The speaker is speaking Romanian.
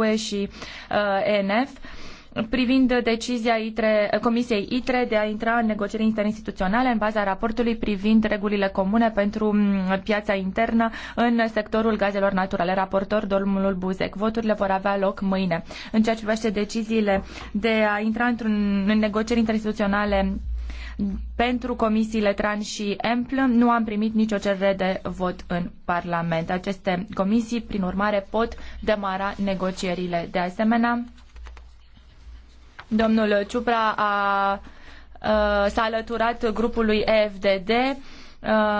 UE și uh, ENF privind decizia ITRE, Comisiei ITRE de a intra în negocieri interinstituționale în baza raportului privind regulile comune pentru mm, piața internă în sectorul gazelor naturale. Raportor domnul Buzek. Voturile vor avea loc mâine. În ceea ce privește deciziile de a intra într-un, în negocieri interinstituționale pentru comisiile TRAN și EMPL nu am primit nicio cerere de vot în Parlament. Aceste comisii, prin urmare, pot demara negocierile. De asemenea, domnul Ciupra a, a s-a alăturat grupului EFDD. A,